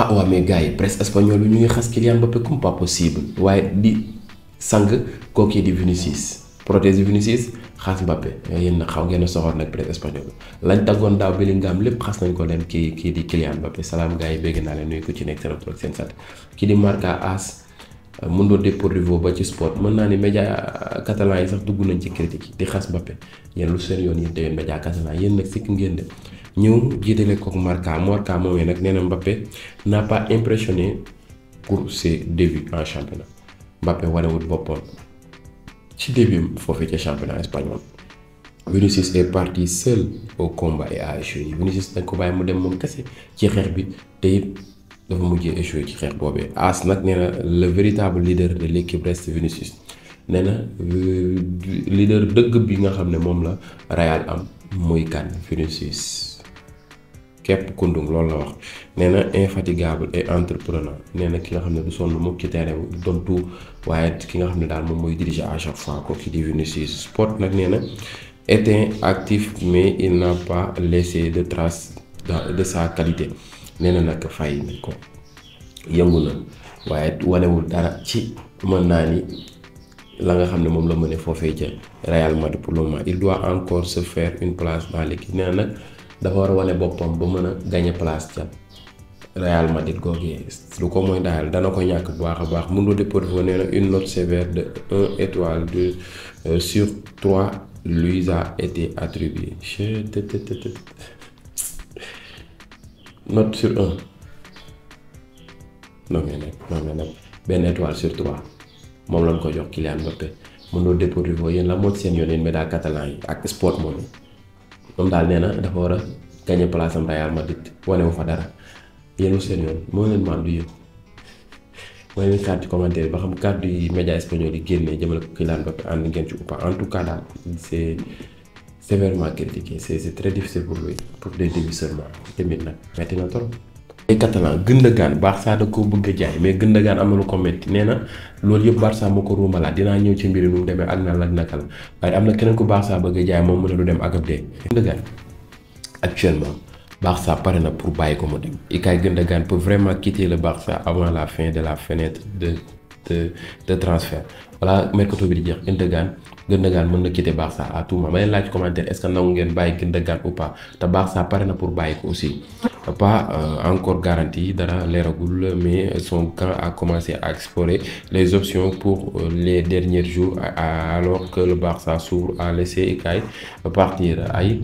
ah waaw mais gars yi presse espagnole bi ñu ngi xas Kylian Mbappé comme pas possible waaye di sang kooku yi di Vinicius protéger Vinicius xaas Mbappé yéen na xaw ngeen a soxor nag presse espagnole lañ taggoon daaw Bellingham lépp xas nañ ko dem kii kii di Kylian Mbappé salaam gars yi bégg naa leen nuyu ko ci nekk seen tur ak seen sant kii di Marca AS Mundo Deportivo ba ci sport mën naa ni média catalan yi sax dugg nañ ci critique yi di xas Mbappé yéen lu seen yoon yéen te yéen média catalan yéen nag sikk ngeen ñëw jiitale kook Marca Marca moomee nag nee na Mbappé n'a pas impressionné pour ses débuts en championnat Mbappé wanewul boppam ci début foofu ci championnat espagnol Vinicius est parti seul au combat et a échoué Vinicius ko bàyyi mu dem moom kese ci xeex bi te it dafa mujjee échoué ci xeex boobee AS nag nee na le véritable leader de l'équipe reste Vinicius nee na euh, leader dëgg bi nga xam ne moom la Real am muy kan Vinicius képp kundung loolu la wax nee na infatigable et entrepreneur nee na ki nga xam ne du sonn mukk ci terrain bi du doon waaye ki nga xam ne daal moom mooy diriger à chaque fois ko ki di Vinicius Sport nag nee na était actif mais il n'a pas laissé de trace de sa qualité nee nag fay na ko yëngu na waaye wanewul dara ci mën naa ni la nga xam ne moom la mëne foofee ca Real Madrid pour le moment il doit encore se faire une place dans l'équipe nee nag dafa war a wane boppam ba mën a gagné place ca Real Madrid googee lu ko moy daal dana ko ñàkk bu baax a baax Mundo Deportivo nee na une note sévère de un étoile euh, sur trois lui a été attribuée note sur un non mais nag non mais nag benn étoile sur trois moom lañ ko jox Kylian Mbappé Mundo Deportivo yéen la moo ci seen yoon yéen média catalan yi ak sport moom moom daal nee na dafa war a gagné place am Madrid wane wu fa dara yéen wu seen yoon moo leen maam du yëg mooy leen kàddu commentaire ba xam kàddu yi média espagnol yi génnee jëmale ko Kylian Mbappé ànd ngeen ci ou pas en tout cas daal c'est sévèrement critiqué c'est c'est très difficile pour lui pour des débuts seulement tamit nag metti na trop. ay catalan gën la gaan Barça da ko bëgg a jaay mais gën am na lu ko métti nee na loolu yëpp Barça moo ko ruumbalaat dinaa ñëw ci mbiri nu mu demee ak na ak naka la waaye am na keneen ku Barça bëgg a jaay moom mu ne du dem ak ab dee gën actuellement Barça pare na pour bàyyi ko mu dem Ilkay Gündogan peut vraiment quitter le Barça avant la fin de la fenêtre de de de transfert voilà mercato bi di jeex Gundogan Gundogan mën na quitter baax à a moment ma leen laaj commentaire est-ce que nangu ngeen bàyyi Gundogan ou pas te Barça pare na pour bàyyi ko aussi pas euh, encore garanti dara leeragul mais son camp a commencé à explorer les options pour euh, les derniers jours alors que le Barça s'ouvre à laisser Ikay partir ay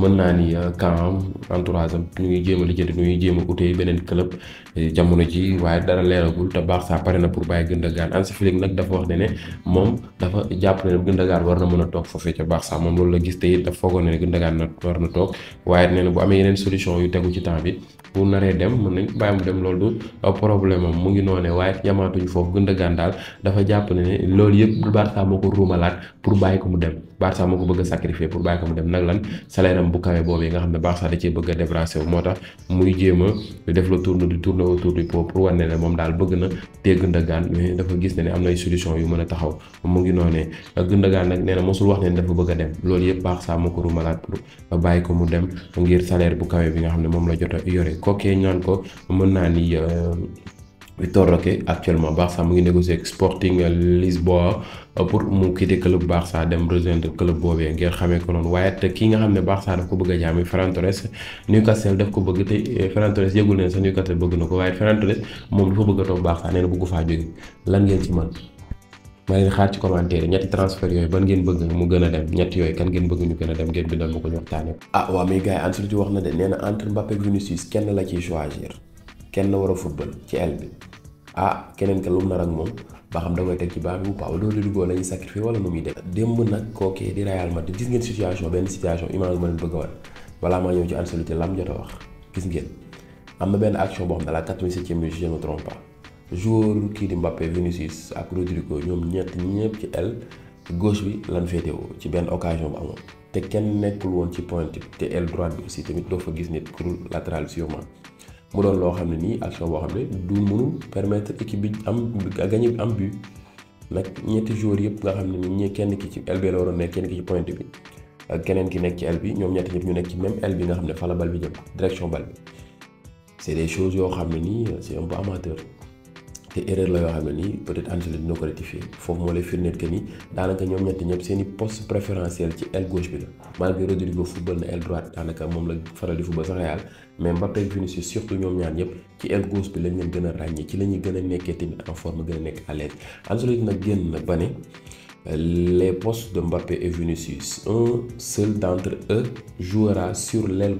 mën naa ni camp am entourage am ñu ngi jéem a lijjanti ñu ngi jéem a beneen club euh, jamono ji waaye dara leeragul te baax saa pare na pour bàyyi Gundogan Hansi Flick nag dafa wax ne ne moom dafa jàpp ne Gundogan war na mën a toog foofee baax saa moom loolu la gis te it dafa foogoon ne Gundogan na war na toog waaye nee na amee yeneen solution yu tegu ci temps bi bu naree dem mën nañ bàyyi mu dem loolu du problème am mu ngi noonee waaye yamaatuñu foofu Gundogan daal dafa jàpp ne loolu yëpp Barça moo ko ruumalaat pour bàyyi ko mu dem Barça moo ko bëgg a sacrifier pour bàyyi ko mu dem nag lan salaire am bu kawe boobu yi nga xam ne baax da cee bëgg a débarrassé wu moo tax muy jéem a def la tourne du tourne autour du pot pour wane ne moom daal bëgg na te Gundogan mais dafa gis ne ne am na ay solution yu mën a taxaw mu ngi noonee Gundogan nag nee na mosul wax ne dafa bëgg a dem loolu yëpp Barça moo ko rumalaat pour bàyyi ko mu dem ngir salaire bu kawe bi nga xam ne moom la jot a yore kookee ñaan ko mën naa ni euh, Torroque actuellement Barça mu ngi négocier ak Sporting Lisboa pour mu quitter club Barça dem rejoindre club boobee ngeen xamee ko noonu waaye it ki nga xam ne Barça daf ko bëgg a jaami Ferran Torres Newcastle daf ko bëgg te eh, Ferran Torres yëgul ne sax Newcastle bëgg na ko waaye Ferran Torres moom dafa bëgg a toog Barça nee na bëggu faa jóge lan ngeen ci mën ma leen xaar ci commentaire ñetti transfert yooyu ban ngeen bëgg mu gën a dem ñetti yooyu kan ngeen a dem ngeen ah, kenn la ciy choisir. kenn war a football ci aile bi ah keneen ka lu mu nar moom ba xam da koy teg ci baa bu ou pas loolu Rodrigo la sacrifier wala nu muy def démb nag kookee di Real Madrid gis ngeen situation benn situation image ma leen bëgg a wan balaa maa ñëw ci Ancelotti lam jot a wax gis ngeen am na benn action boo xam ne la 87e minute si je me trompe pas joueur kii di Mbappé Vinicius ak Rodrigo ñoom ñett ñëpp ci aile bi lan féetewoo ci benn occasion bu amoon te kenn nekkul woon ci pointe te aile tamit doo fa gis nit pour latéral sûrement mu doon loo xam ne nii action boo xam ne du mënul permettre équipe bi am gagné am but nag ñetti joueurs yëpp nga xam ne ni ñi kenn ki ci aile bi la waroon nekk kenn ki ci pointe bi ak keneen ki nekk ci aile ñoom ñetti ñu nekk ci même aile bi nga xam ne fa la bal bi jëm direction bal bi c'est des choses yoo xam ne nii c'est un peu te erreur la yoo xam ne nii peut-être Angela dina ko rectifier foofu moo lay firndeel que ni daanaka ñoom ñett ñëpp seen i poste préférentiel ci aile gauche bi la malgré Rodrigo football na aile droite daanaka moom la faral di football sax Real mais Mbappé ak Vinicius surtout ñoom ñaar ñëpp ci aile gauche bi lañ leen gën a ràññee ci la ñuy gën a nekkee tamit en forme gën a nekk à l'aise Ancelotti nag génn ba ne les postes de mbappe et Vinicius un seul d'entre eux jouera sur l'aile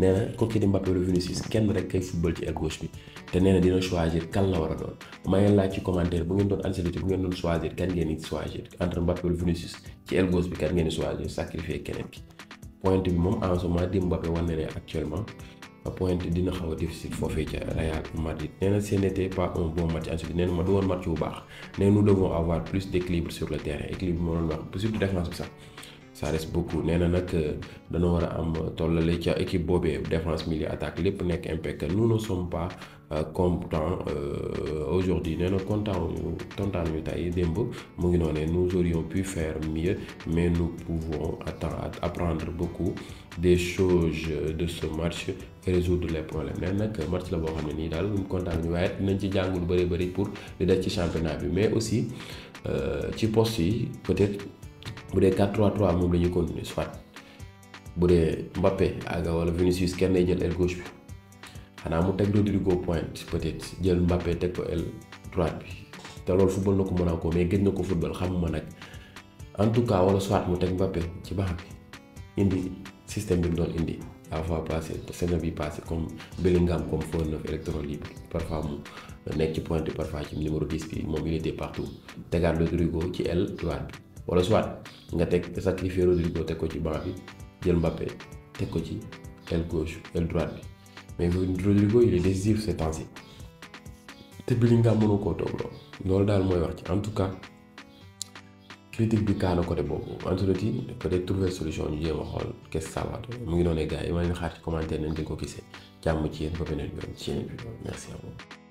nee na kooku di Mbappé wala kenn rek kay ci aile gauche bi. te nee na dina choisir kan la war a doon maa ngeen laaj ci commentaire bu ngeen doon Ancelotti bu ngeen doon choisir kan ngeen di choisir entre Mbappé wala Vinicius ci aile bi kan ngeen di choisir sacrifier keneen ki point bi moom en ce di Mbappé wane ne actuellement point dina xaw a difficile foofee ca Real Madrid nee na ce n'était pas match Ancelotti nee ma du woon match bu baax nee nous devons avoir plus d'équilibre surtout défense bi ça reste beaucoup nee na nag euh, dana war a am tollale ca équipe boobee défense milieu attaque lépp nekk impeccable nous ne sommes pas euh, contents euh, aujourd'hui nee na kontaan ñu kontaan ñu tey démb mu ngi noonee nous aurions pu faire mieux mais nous pouvons attendre apprendre beaucoup des choses de ce match et résoudre les problèmes nee nag match la boo xam ne nii daal kontaan ñu waaye dinañ ci jàng lu bëri bëri pour di def ci championnat bi mais aussi ci poste yi peut-être. bu dee 4-3-3 moom la ñuy continuer soit bu dee Mbappé aga wala Vinicius kenn lay jël aile bi xanaa mu teg Rodrigo pointe peut-être jël Mbappé teg ko aile droite bi te loolu football na ko Monaco mais gëj na ko football ma nag en tout cas wala soit mu teg Mbappé ci baax bi indi système bi mu doon indi à fois passé saison bi passé comme Bellingham comme faux neuf électron libre parfois partout tegaat Rodrigo ci aile droite bi. wala soit nga teg sacrifier Rodrigo teg ko ci banc bi jël Mbappé teg ko ci aile gauche aile droite bi mais Rodrigo il est décisif ces temps-ci li Bellingham mënu koo toog loolu loolu daal mooy wax ci en tout cas critique bi kaa na côté boobu Ancelotti peut-être trouver solution ñu jéem a xool qu'est-ce mu ngi noonu gars yi ma leen xaar ci commentaire nañ leen ko gisee jàmm ci yéen ba beneen yoon ci yéen bi